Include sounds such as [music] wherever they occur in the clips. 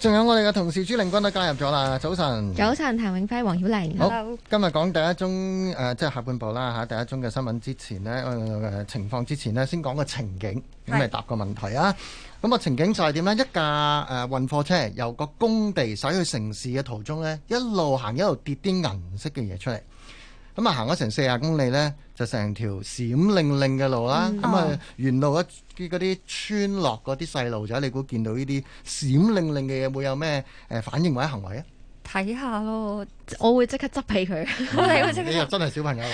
仲有我哋嘅同事朱令君都加入咗啦，早晨，早晨，譚永輝、黃曉麗，玲，好。Hello. 今日講第一宗誒、呃，即係下半部啦吓，第一宗嘅新聞之前呢、呃，情況之前呢，先講個情景，咁咪答個問題啊。咁啊是、嗯，情景就係點呢？一架誒運貨車由個工地駛去城市嘅途中呢，一路行一路跌啲銀色嘅嘢出嚟。咁啊行咗成四十公里咧，就成條閃令令嘅路啦。咁啊、嗯，剛剛沿路一啲嗰啲村落嗰啲細路仔，你估見到呢啲閃令令嘅嘢會有咩誒反應或者行為啊？睇下咯。我會即刻執起佢， [laughs] [laughs] 你又真係小朋友，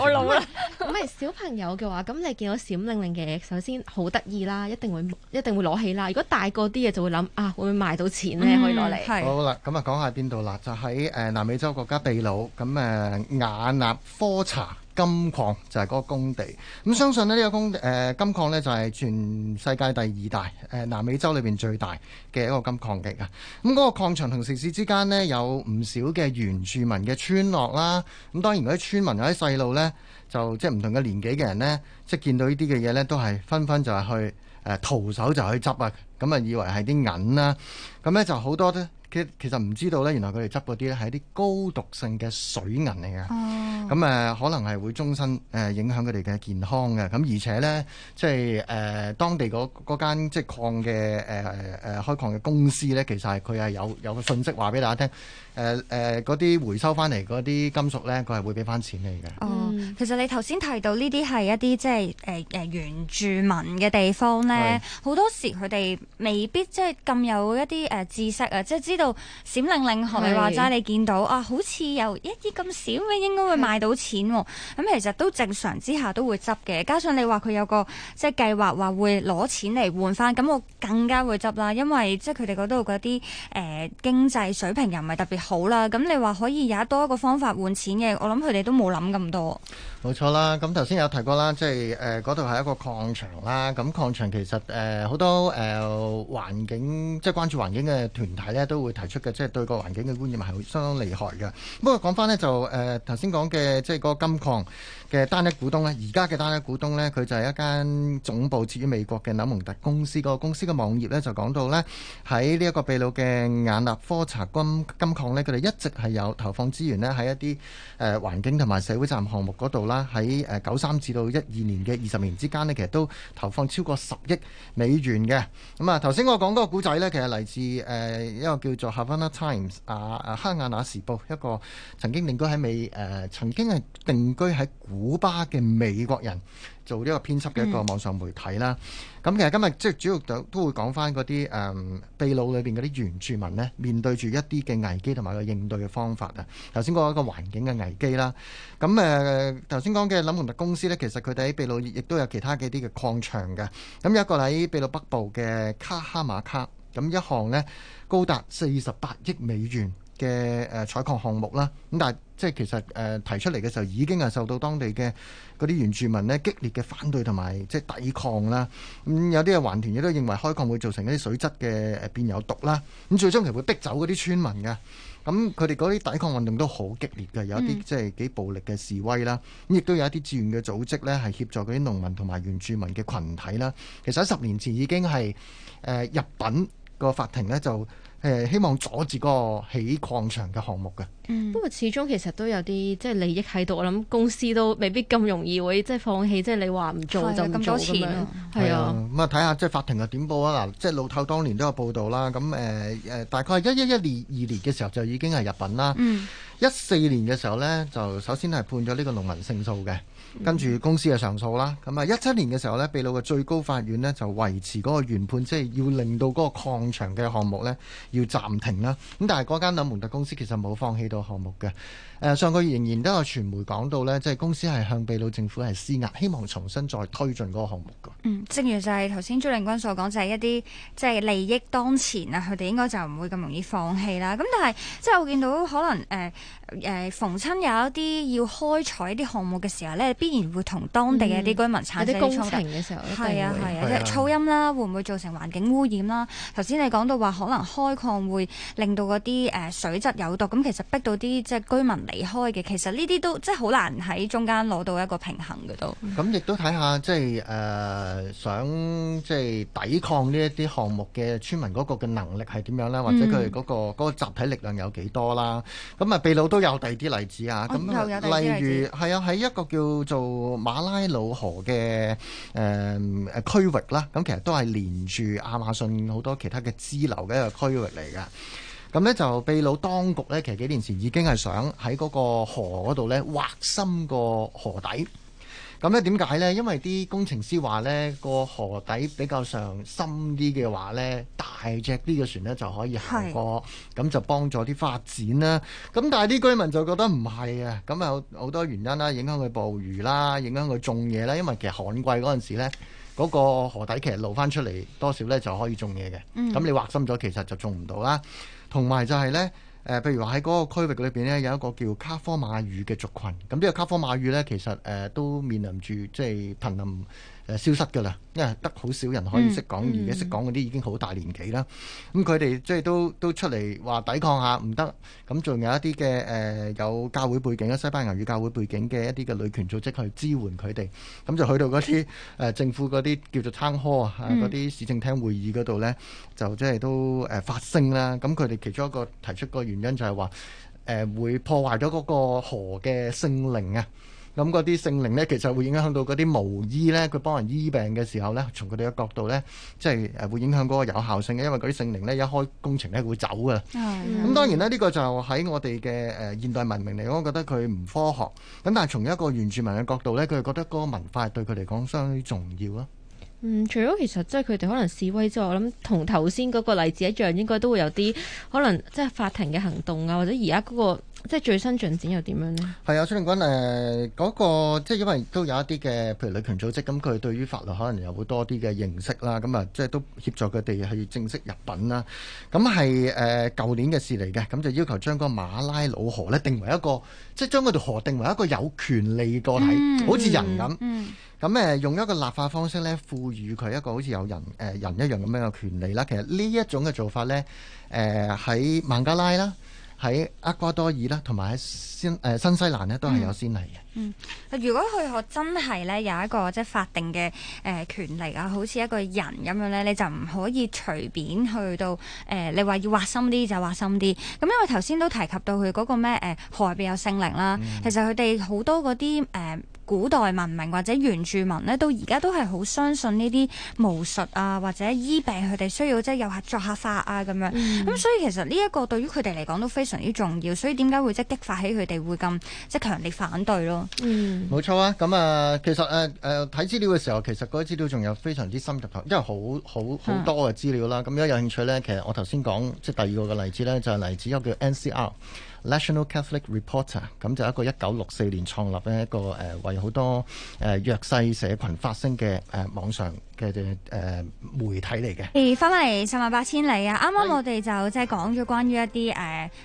我老啦。唔係小朋友嘅 [laughs] [laughs] 話，咁你見到閃靈靈嘅，首先好得意啦，一定會一定會攞起啦。如果大個啲嘅就會諗啊，會唔會賣到錢咧，嗯、可以攞嚟。是好啦，咁啊講下邊度啦，就喺誒、呃、南美洲國家秘魯，咁、呃、誒雅納科查金礦就係嗰個工地。咁相信咧呢、呢個工地誒、呃、金礦咧就係全世界第二大誒、呃、南美洲裏邊最大嘅一個金礦嘅。咁嗰個礦場同城市之間呢，有，唔少嘅原住民嘅村落啦，咁當然嗰啲村民有啲細路咧，就即係唔同嘅年紀嘅人咧，即係見到呢啲嘅嘢咧，都係紛紛就係去誒、呃、徒手就去執啊，咁啊以為係啲銀啦、啊，咁咧就好多咧，佢其實唔知道咧，原來佢哋執嗰啲咧係啲高毒性嘅水銀嚟嘅，咁誒、哦嗯、可能係會終身誒影響佢哋嘅健康嘅，咁而且咧即係誒、呃、當地嗰間即係礦嘅誒誒開礦嘅公司咧，其實係佢係有有個信息話俾大家聽。誒誒嗰啲回收翻嚟嗰啲金屬咧，佢係會俾翻錢你嘅。哦，其實你頭先提到呢啲係一啲即係誒誒原住民嘅地方咧，好是多時佢哋未必即係咁有一啲誒、呃、知識啊，即係知道閃令令。你話齋，你見到啊，好似有一啲咁少，應該會賣到錢喎、啊。咁是其實都正常之下都會執嘅。加上你話佢有個即係計劃話會攞錢嚟換翻，咁我更加會執啦，因為即係佢哋嗰度嗰啲誒經濟水平又唔係特別。好啦，咁你話可以有一多一個方法換錢嘅，我諗佢哋都冇諗咁多。冇錯啦，咁頭先有提過啦，即係誒嗰度係一個礦場啦，咁、嗯、礦場其實誒好、呃、多誒環、呃、境，即、就、係、是、關注環境嘅團體咧都會提出嘅，即、就、係、是、對個環境嘅污染係相當厲害嘅。不過講翻呢，就誒頭先講嘅即係嗰個金礦嘅單一股東咧，而家嘅單一股東呢，佢就係一間總部設於美國嘅紐蒙特公司。個公司嘅網頁呢，就講到呢喺呢一個秘魯嘅雅納科查金金礦。佢哋一直係有投放資源咧喺一啲誒、呃、環境同埋社會責任項目嗰度啦，喺誒九三至到一二年嘅二十年之間呢，其實都投放超過十億美元嘅。咁、嗯、啊，頭先我講嗰個古仔呢，其實嚟自誒、呃、一個叫做《Havana Times》亞啊，哈瓦那時報，一個曾經定居喺美誒、呃，曾經係定居喺古巴嘅美國人。做呢個編輯嘅一個網上媒體啦。咁、嗯、其實今日即係主要都都會講翻嗰啲誒秘魯裏邊嗰啲原住民呢，面對住一啲嘅危機同埋個應對嘅方法啊。頭先講一個環境嘅危機啦。咁誒頭先講嘅林蒙特公司呢，其實佢哋喺秘魯亦都有其他嘅啲嘅礦場嘅。咁有一個喺秘魯北部嘅卡哈馬卡，咁一項呢，高達四十八億美元，嘅誒採礦項目啦，咁但係即係其實誒、呃、提出嚟嘅時候已經係受到當地嘅嗰啲原住民咧激烈嘅反對同埋即係抵抗啦。咁、嗯、有啲環團亦都認為開礦會造成一啲水質嘅誒變有毒啦。咁最終其實會逼走嗰啲村民嘅。咁佢哋嗰啲抵抗運動都好激烈嘅，有一啲即係幾暴力嘅示威啦。咁、嗯、亦、嗯嗯、都有一啲志願嘅組織呢係協助嗰啲農民同埋原住民嘅群體啦。其實喺十年前已經係誒、呃、入稟個法庭呢就。誒希望阻止嗰個起礦場嘅項目嘅、嗯，不過始終其實都有啲即係利益喺度，我諗公司都未必咁容易會即係放棄，即係你話唔做就咁多錢，係了啊，咁啊睇下即係法庭又點報啊嗱，即係路透當年都有報道啦，咁誒誒大概一一一年二年嘅時候就已經係入稟啦，一四、嗯、年嘅時候咧就首先係判咗呢個農民勝訴嘅。跟住公司嘅上訴啦，咁啊一七年嘅時候呢，秘魯嘅最高法院呢就維持嗰個原判，即係要令到嗰個礦場嘅項目呢要暫停啦。咁但係嗰間紐蒙特公司其實冇放棄到項目嘅。誒上個月仍然都有傳媒講到咧，即係公司係向秘魯政府係施壓，希望重新再推進嗰個項目噶。嗯，正如就係頭先朱令君所講，就係一啲即係利益當前啊，佢哋應該就唔會咁容易放棄啦。咁但係即係我見到可能誒誒，逢親有一啲要開採一啲項目嘅時候咧，必然會同當地嘅一啲居民產生衝突。嗯，有啲工程嘅時候，係啊係啊，係啊係啊，噪音啦，會唔會造成環境污染啦？頭先你講到話可能開礦會令到嗰啲誒水質有毒，咁其實逼到啲即係居民。離開嘅，其實呢啲都即係好難喺中間攞到一個平衡嘅都。咁亦都睇下即係誒、呃、想即係抵抗呢一啲項目嘅村民嗰個嘅能力係點樣啦，或者佢哋嗰個嗰、嗯、個集體力量有幾多啦？咁啊秘魯都有第二啲例子啊，咁例如係啊，喺一個叫做馬拉魯河嘅誒誒區域啦，咁其實都係連住亞馬遜好多其他嘅支流嘅一個區域嚟㗎。咁呢就秘魯當局呢，其實幾年前已經係想喺嗰個河嗰度呢挖深個河底。咁呢點解呢？因為啲工程師話呢，個河底比較上深啲嘅話呢，大隻啲嘅船呢就可以行過，咁是就幫助啲發展啦。咁但係啲居民就覺得唔係啊。咁啊，好多原因啦，影響佢捕魚啦，影響佢種嘢啦。因為其實旱季嗰陣時呢，嗰、嗰個河底其實露翻出嚟多少呢，就可以種嘢嘅。咁、嗯、你挖深咗，其實就種唔到啦。同埋就係、是、咧，誒、呃，譬如話喺嗰個區域裏邊咧，有一個叫卡科馬語嘅族群。咁呢個卡科馬語咧，其實誒、呃、都面臨住即係瀕臨。就是頻頻誒消失㗎啦，因為得好少人可以識講，而家、嗯、識講嗰啲已經好大年紀啦。咁佢哋即係都都出嚟話抵抗下，唔得。咁仲有一啲嘅誒有教會背景啊，西班牙語教會背景嘅一啲嘅女權組織去支援佢哋。咁就去到嗰啲誒政府嗰啲叫做 town hall 啊，嗰啲市政廳會議嗰度呢，嗯、就即係都誒發聲啦。咁佢哋其中一個提出個原因就係話誒會破壞咗嗰個河嘅聖靈啊。咁嗰啲聖靈呢，其實會影響到嗰啲巫醫呢，佢幫人醫病嘅時候呢，從佢哋嘅角度呢，即係誒會影響嗰個有效性嘅，因為嗰啲聖靈呢一開工程呢會走噶。咁、嗯、當然呢，呢、這個就喺我哋嘅誒現代文明嚟講，我覺得佢唔科學。咁但係從一個原住民嘅角度呢，佢哋覺得嗰個文化對佢嚟講相當重要咯。嗯，除咗其實即係佢哋可能示威之外，我諗同頭先嗰個例子一樣，應該都會有啲可能即係法庭嘅行動啊，或者而家嗰個。即係最新進展又點樣呢？係啊，張連君誒嗰個即係因為都有一啲嘅，譬如女權組織咁，佢對於法律可能有好多啲嘅認識啦。咁啊，即係都協助佢哋去正式入稟啦。咁係誒舊年嘅事嚟嘅。咁、啊、就要求將個馬拉魯河咧定為一個，即係將嗰條河定為一個有權利個體，嗯嗯嗯嗯好似人咁。咁誒用一個立法方式咧，賦予佢一個好似有人誒人一樣咁樣嘅權利啦。其實呢一種嘅做法咧，誒、啊、喺孟加拉啦。喺厄瓜多爾啦，同埋喺新誒、呃、新西蘭咧，都係有先例嘅。嗯嗯，如果佢可真係咧有一個即係法定嘅誒權利啊，好、呃、似一個人咁樣咧，你就唔可以隨便去到誒、呃，你話要挖深啲就挖深啲。咁、嗯嗯、因為頭先都提及到佢嗰個咩誒河外邊有聖靈啦，嗯、其實佢哋好多嗰啲誒古代文明或者原住民咧，到而家都係好相信呢啲巫術啊，或者醫病佢哋需要即係有作下法啊咁樣。咁、嗯嗯、所以其實呢一個對於佢哋嚟講都非常之重要，所以點解會即係激發起佢哋會咁即係強烈反對咯？嗯，冇錯啊。咁啊，其實誒誒睇資料嘅時候，其實嗰啲資料仲有非常之深入透，因為好好好多嘅資料啦。咁如果有興趣咧，其實我頭先講即係第二個嘅例子咧，就係、是、例子一個叫 NCR。National Catholic Reporter，咁就一個一九六四年創立咧一個誒，為好多誒弱勢社群發聲嘅誒網上嘅誒媒體嚟嘅。而翻返嚟十萬八千里啊！啱啱我哋就即係講咗關於一啲誒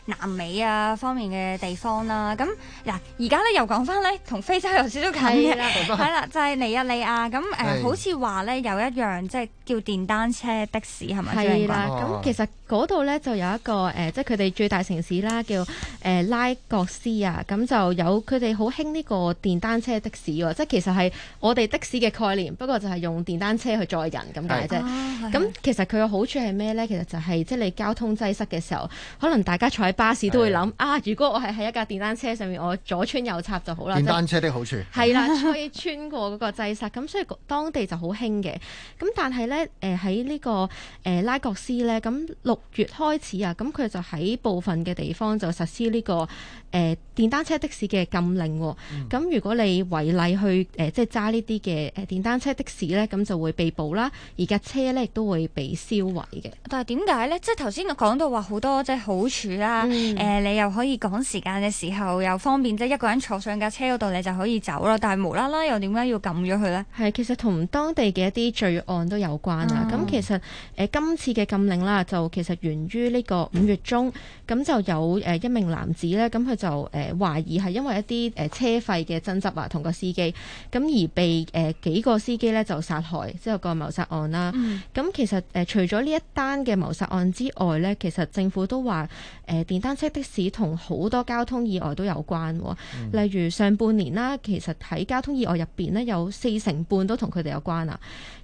南美啊方面嘅地方啦。咁嗱，而家咧又講翻咧，同非洲有少少近嘅係啦，了 [laughs] 就係尼日利亞咁，誒，嗯、 [laughs] 好似話咧有一樣即係叫電單車的士係咪？係啦，咁了、嗯、其實嗰度咧就有一個誒，即係佢哋最大城市啦，叫。誒話物拉各斯啊，咁就有佢哋好興呢個電單車的士喎，即係其實係我哋的士嘅概念，不過就係用電單車去載人咁解啫。咁其實佢嘅好處係咩呢？其實就係即係你交通擠塞嘅時候，可能大家坐喺巴士都會諗 asına priorities, 啊，如果我係喺一架電單車上面，我左穿右插就好啦。電單車的好處係啦 [laughs] 是 ulation Emperor，穿過嗰個擠塞，咁所以當地就好興嘅。咁但係呢，誒喺呢個誒拉各斯呢，咁六月開始啊，咁佢就喺部分嘅地方就實施。呢、這個誒、呃、電單車的士嘅禁令、哦，咁、嗯、如果你違例去誒、呃、即係揸呢啲嘅誒電單車的士咧，咁就會被捕啦，而架車咧亦都會被銷毀嘅。但係點解咧？即係頭先講到話好多即係好處啦，誒、嗯呃、你又可以趕時間嘅時候又方便，即係一個人坐上架車嗰度你就可以走啦。但係無啦啦又點解要禁咗佢咧？係其實同當地嘅一啲罪案都有關啦。咁、嗯、其實誒、呃、今次嘅禁令啦，就其實源於呢個五月中，咁就有誒一名，男子咧，咁佢就誒、呃、懷疑係因為一啲誒、呃、車費嘅爭執啊，同個司機咁而被誒、呃、幾個司機咧就殺害，即係個謀殺案啦。咁、嗯、其實誒、呃、除咗呢一單嘅謀殺案之外咧，其實政府都話誒、呃、電單車的士同好多交通意外都有關，啊。嗯、例如上半年啦，其實喺交通意外入邊咧，有四成半都同佢哋有關啊。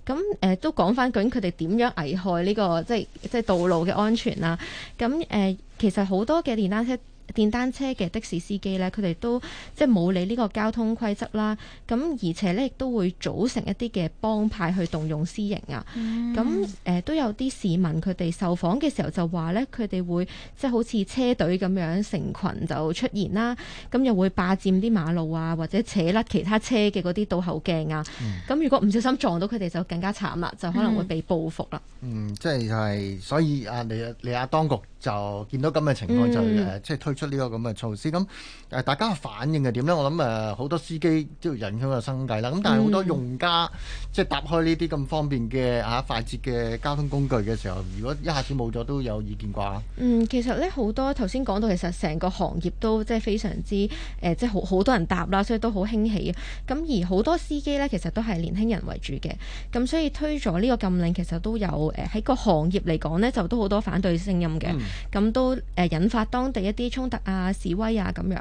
咁誒、呃、都講翻究竟佢哋點樣危害呢、這個即係即係道路嘅安全啊？咁誒。呃呃其實好多嘅電單車電單車嘅的，的士司機呢，佢哋都即係冇理呢個交通規則啦。咁而且呢，亦都會組成一啲嘅幫派去動用私刑啊。咁誒都有啲市民佢哋受訪嘅時候就話呢，佢哋會即係好似車隊咁樣成群就出現啦。咁又會霸佔啲馬路啊，或者扯甩其他車嘅嗰啲倒後鏡啊。咁、嗯、如果唔小心撞到佢哋就更加慘啦，就可能會被報復啦。嗯，嗯，即係所以啊，你你阿當局。就見到咁嘅情況，嗯、就誒即係推出呢個咁嘅措施。咁誒，大家反應係點咧？我諗誒，好多司機都要影響個生計啦。咁但係好多用家即係、嗯、搭開呢啲咁方便嘅嚇快捷嘅交通工具嘅時候，如果一下子冇咗都有意見啩？嗯，其實咧好多頭先講到，其實成個行業都即係非常之誒、呃、即係好好多人搭啦，所以都好興起。咁而好多司機咧，其實都係年輕人為主嘅。咁所以推咗呢個禁令，其實都有誒喺、呃、個行業嚟講咧，就都好多反對聲音嘅。嗯。咁都誒引發當地一啲衝突啊、示威啊咁樣，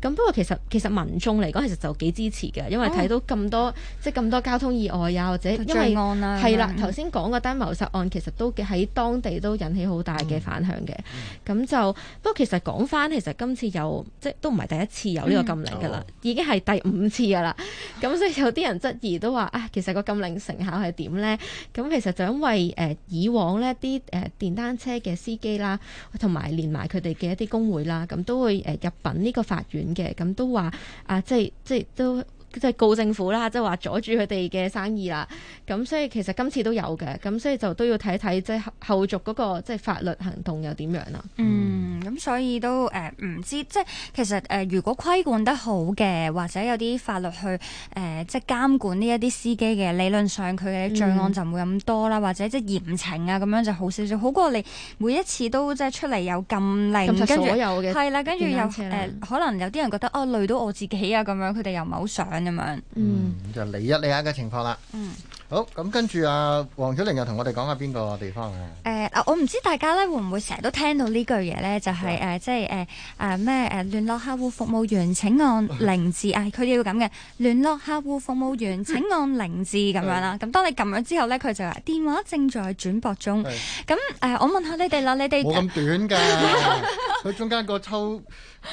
咁不過其實其實民眾嚟講，其實就幾支持嘅，ads, 因為睇到咁多即係咁多交通意外啊，或者因為係啦，頭先講嗰單謀殺案其實都喺當地都引起好大嘅反響嘅。咁，嗯嗯嗯嗯，就不過其實講翻，其實今次有，即都唔係第一次有呢個禁令㗎啦，嗯，已經係第五次㗎啦。咁，嗯嗯哦，所以有啲人質疑都話啊，其實個禁令成效係點呢？咁其實就因為誒以往呢啲誒電單車嘅司機啦。同埋連埋佢哋嘅一啲工會啦，咁都會誒、呃、入禀呢個法院嘅，咁都話啊，即係即係都即係告政府啦，即係話阻住佢哋嘅生意啦。咁所以其實今次都有嘅，咁所以就都要睇睇即係後續嗰個即係法律行動又點樣啦。嗯。咁所以都誒唔，呃、知，即係其實誒，呃、如果規管得好嘅，或者有啲法律去誒，呃、即係監管呢一啲司機嘅，理論上，佢嘅罪案就唔會咁多啦，嗯，或者即係嚴懲啊咁樣就好少少，好過你每一次都即係出嚟有咁令有跟住著係啦，跟住又誒可能有啲人覺得哦，啊、累到我自己啊咁樣，佢哋又唔係好想咁樣，嗯，就你一你下嘅情況啦。嗯。好，咁跟住啊，黃曉玲又同我哋講下邊個地方嘅、啊。誒嗱、呃，我唔知大家咧會唔會成日都聽到句呢句嘢咧，就係、是、誒、嗯啊、即係誒誒咩誒聯絡客戶服務員請按零字，係佢哋要咁嘅。聯絡客戶服務員請按零字咁、 [laughs] 啊、樣啦。咁、嗯、當你撳咗之後咧，佢就話電話正在轉播中。咁誒、嗯呃，我問下你哋啦，你哋冇咁短㗎。佢 [laughs] 中間個抽誒、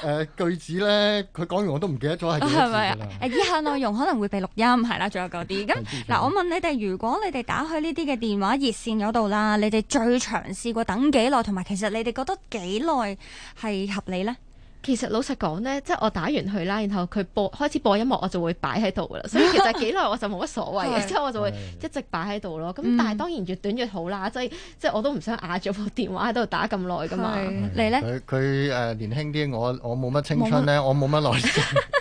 呃、句子咧，佢講完我都唔記得咗係。係咪誒以下內容可能會被錄音，係啦， [laughs] 仲有嗰啲。咁嗱、 [laughs] 呃，我問你。但係如果你哋打去呢啲嘅電話熱線嗰度啦，你哋最長試過等幾耐，同埋其實你哋覺得幾耐係合理呢？其實老實講咧，即係我打完佢啦，然後佢播開始播音樂，我就會擺喺度噶啦。所以其實係幾耐我就冇乜所謂嘅，之後我就會一直擺喺度咯。咁但係當然越短越好啦，即係即係我都唔想啞咗部電話喺度打咁耐噶嘛。你咧？佢佢誒年輕啲，我我冇乜青春咧，我冇乜耐，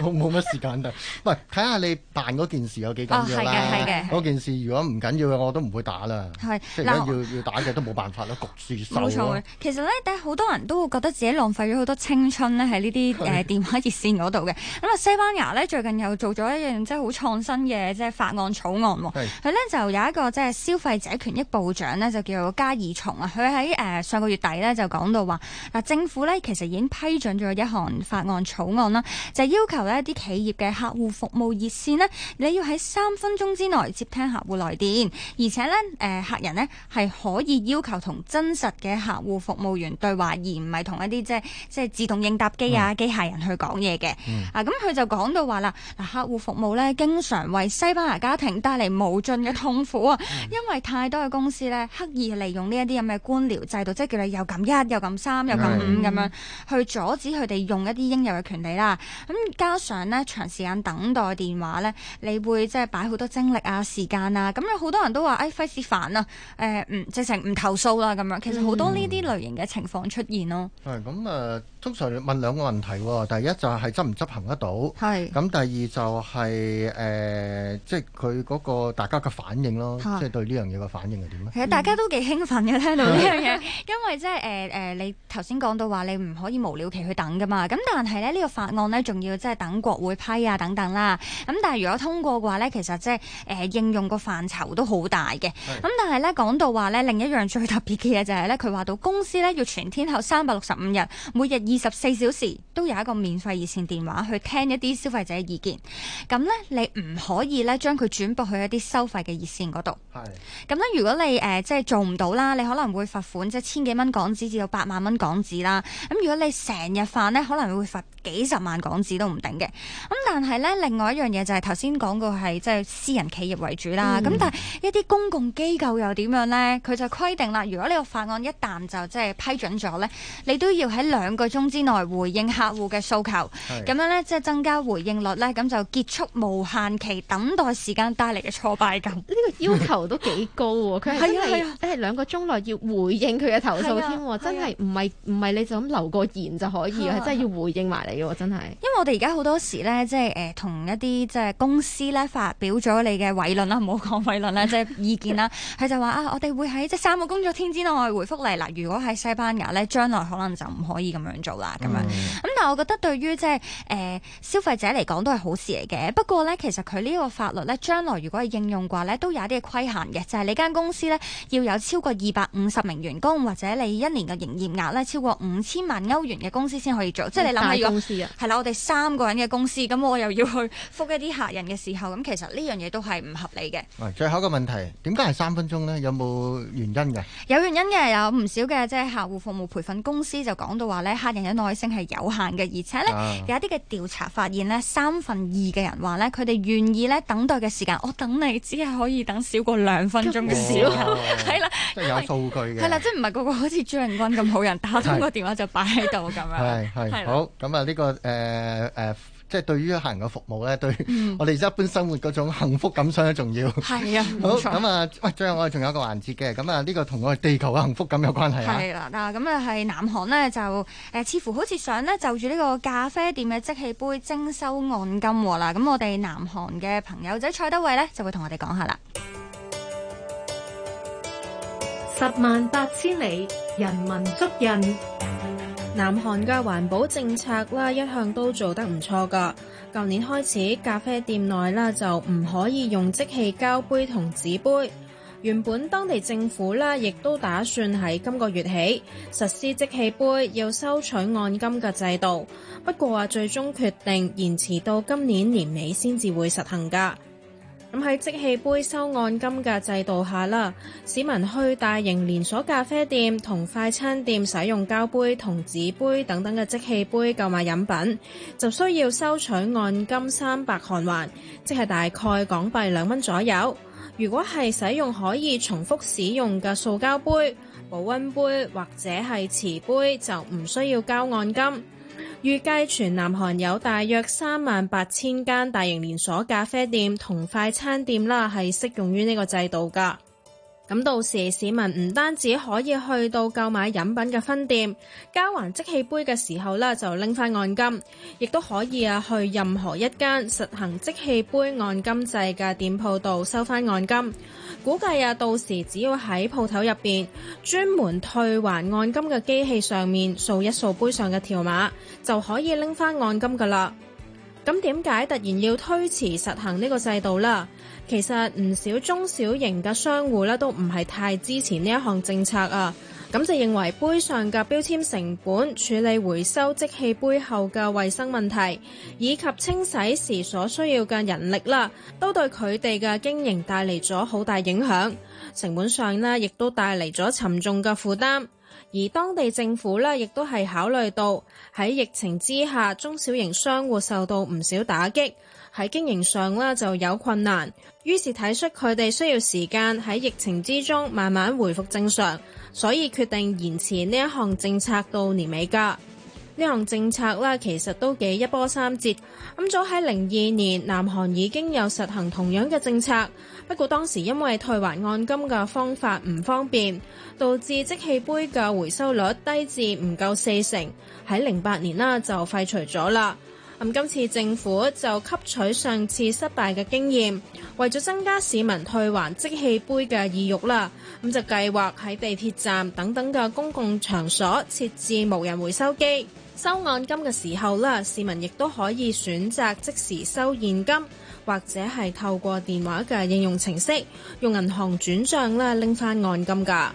冇冇乜時間嘅。喂，睇下你辦嗰件事有幾緊要啦。嗰件事如果唔緊要嘅，我都唔會打啦。係嗱，要要打嘅都冇辦法咯，焗住收。冇錯。其實咧，好多人都會覺得自己浪費咗好多青春咧。喺呢啲誒電話熱線嗰度嘅，咁啊西班牙咧，最近又做咗一樣即係好創新嘅即係法案草案，佢咧是就有一個即係消費者權益部長咧，就叫做加爾松啊，佢喺誒上個月底咧，就講到話嗱，政府咧其實已經批准咗一項法案草案啦，就係要求咧，一啲企業嘅客戶服務熱線咧，你要喺三分鐘之內接聽客戶來電，而且咧誒客人咧係可以要求同真實嘅客戶服務員對話，而唔係同一啲即係即係自動應答。機啊，機械人去講嘢嘅，嗯、啊咁佢就講到話啦，嗱，客戶服務咧，經常為西班牙家庭帶嚟無盡嘅痛苦啊，嗯、因為太多嘅公司咧刻意利用呢一啲咁嘅官僚制度，即係叫你又撳一，又撳三，又撳五咁樣，嗯、去阻止佢哋用一啲應有嘅權利啦。咁加上咧長時間等待電話咧，你會即係擺好多精力啊、時間啊，咁有好多人都話誒費事煩啦，誒唔直情唔投訴啦咁樣。其實好多呢啲類型嘅情況出現咯。咁誒通常問兩個問題喎，第一就係執唔執行得到，係咁是，第二就係、是、誒、呃，即係佢嗰個大家嘅反應咯，啊、即係對呢樣嘢嘅反應係點咧？係啊，其實大家都幾興奮嘅、嗯、聽到呢樣嘢，是因為即係誒誒，你頭先講到話你唔可以無了期去等噶嘛，咁但係咧呢、這個法案咧仲要即係等國會批啊等等啦，咁但係如果通過嘅話咧，其實即係誒應用個範疇都好大嘅，咁是但係咧講到話咧另一樣最特別嘅嘢就係咧佢話到公司咧要全天候三百六十五日，每日二十四小時。都有一個免費熱線電話去聽一啲消費者嘅意見，咁咧你唔可以咧將佢轉駁去一啲收費嘅熱線嗰度。係。咁咧，如果你誒、呃、即係做唔到啦，你可能會罰款，即係千幾蚊港紙至到八萬蚊港紙啦。咁如果你成日犯咧，可能會罰幾十萬港紙都唔定嘅。咁但係咧，另外一樣嘢就係頭先講過，係即係私人企業為主啦。咁、嗯、但係一啲公共機構又點樣咧？佢就規定啦，如果你個法案一旦就即係批准咗咧，你都要喺兩個鐘之內會應客戶嘅訴求，咁樣咧即係增加回應率咧，咁就結束無限期等待時間帶嚟嘅挫敗感。呢個要求都幾高喎、啊，佢係 [laughs] 真係即係兩個鐘內要回應佢嘅投訴添、啊，啊啊、真係唔係唔係你就咁留個言就可以，係、啊、真係要回應埋你嘅，真係。因為我哋而家好多時咧，即係誒同一啲即係公司咧發表咗你嘅偉論啦，唔好講偉論啦，即、就、係、是、意見啦，佢 [laughs] 就話啊，我哋會喺即三個工作天之內回覆你。嗱，如果喺西班牙咧，將來可能就唔可以咁樣做啦，咁樣。嗯咁、嗯、但係我覺得對於即係誒消費者嚟講都係好事嚟嘅。不過咧，其實佢呢個法律咧將來如果係應用嘅話咧，都有一啲嘅規限嘅。就係、是、你間公司咧要有超過二百五十名員工或者你一年嘅營業額咧超過五千萬歐元嘅公司先可以做。即係你諗下，係、啊、啦，我哋三個人嘅公司，咁我又要去覆一啲客人嘅時候，咁其實呢樣嘢都係唔合理嘅。最後一個問題，點解係三分鐘呢？有冇原因嘅？有原因嘅，有唔少嘅即係客戶服務培訓公司就講到話咧，客人嘅耐性係。有限嘅，而且咧、啊、有一啲嘅調查發現咧，三分二嘅人話咧，佢哋願意咧等待嘅時間，我、哦、等你只係可以等少過兩分鐘嘅時候。係啦，即係有數據嘅，係啦，即係唔係個個好似朱仁君咁好人， [laughs] 打通個電話就擺喺度咁樣，係係 [laughs] 對啦好咁啊！呢、呢個誒誒。呃呃即係對於客人嘅服務咧，對我哋一般生活嗰種幸福感相當重要。係啊、嗯， [laughs] 好咁啊，喂錯，最後我哋仲有一個環節嘅，咁啊，呢個同我哋地球嘅幸福感有關係啦。係啦，嗱，咁啊，係南韓呢，就誒、呃，似乎好似想咧就住呢個咖啡店嘅即棄杯徵收按金喎、哦、啦。咁我哋南韓嘅朋友仔蔡德蕙呢，就會同我哋講下啦。十萬八千里，人文足印。南韓嘅環保政策啦，一向都做得唔錯㗎。舊年開始，咖啡店內啦就唔可以用即棄膠杯同紙杯。原本當地政府啦，亦都打算喺今個月起實施即棄杯要收取按金嘅制度，不過啊，最終決定延遲到今年年尾先至會實行㗎。咁喺即棄杯收按金嘅制度下啦，市民去大型連鎖咖啡店同快餐店使用膠杯同紙杯等等嘅即棄杯購買飲品，就需要收取按金三百韓圜，即係大概港幣兩蚊左右。如果係使用可以重複使用嘅塑膠杯、保溫杯或者係瓷杯，就唔需要交按金。預計全南韓有大約三萬八千間大型連鎖咖啡店同快餐店啦，係適用於呢個制度㗎。咁到時市民唔單止可以去到購買飲品嘅分店，交還即棄杯嘅時候咧，就拎翻按金，亦都可以啊去任何一間實行即棄杯按金制嘅店鋪度收翻按金。估計啊，到時只要喺鋪頭入邊專門退還按金嘅機器上面掃一掃杯上嘅條碼，就可以拎翻按金噶啦。咁點解突然要推遲實行呢個制度啦？其實唔少中小型嘅商戶咧都唔係太支持呢一項政策啊，咁就認為杯上嘅標籤成本、處理回收即棄杯後嘅衞生問題，以及清洗時所需要嘅人力啦，都對佢哋嘅經營帶嚟咗好大影響，成本上呢，亦都帶嚟咗沉重嘅負擔。而當地政府呢，亦都係考慮到喺疫情之下，中小型商戶受到唔少打擊，喺經營上呢就有困難，於是睇出佢哋需要時間喺疫情之中慢慢回復正常，所以決定延遲呢一項政策到年尾㗎。呢項政策呢，其實都幾一波三折。咁早喺零二年，南韓已經有實行同樣嘅政策。不過當時因為退還按金嘅方法唔方便，導致即棄杯嘅回收率低至唔夠四成，喺零八年啦就廢除咗啦。咁今次政府就吸取上次失敗嘅經驗，為咗增加市民退還即棄杯嘅意欲啦，咁就計劃喺地鐵站等等嘅公共場所設置無人回收機，收按金嘅時候啦，市民亦都可以選擇即時收現金。或者係透過電話嘅應用程式，用銀行轉賬啦，拎翻按金㗎。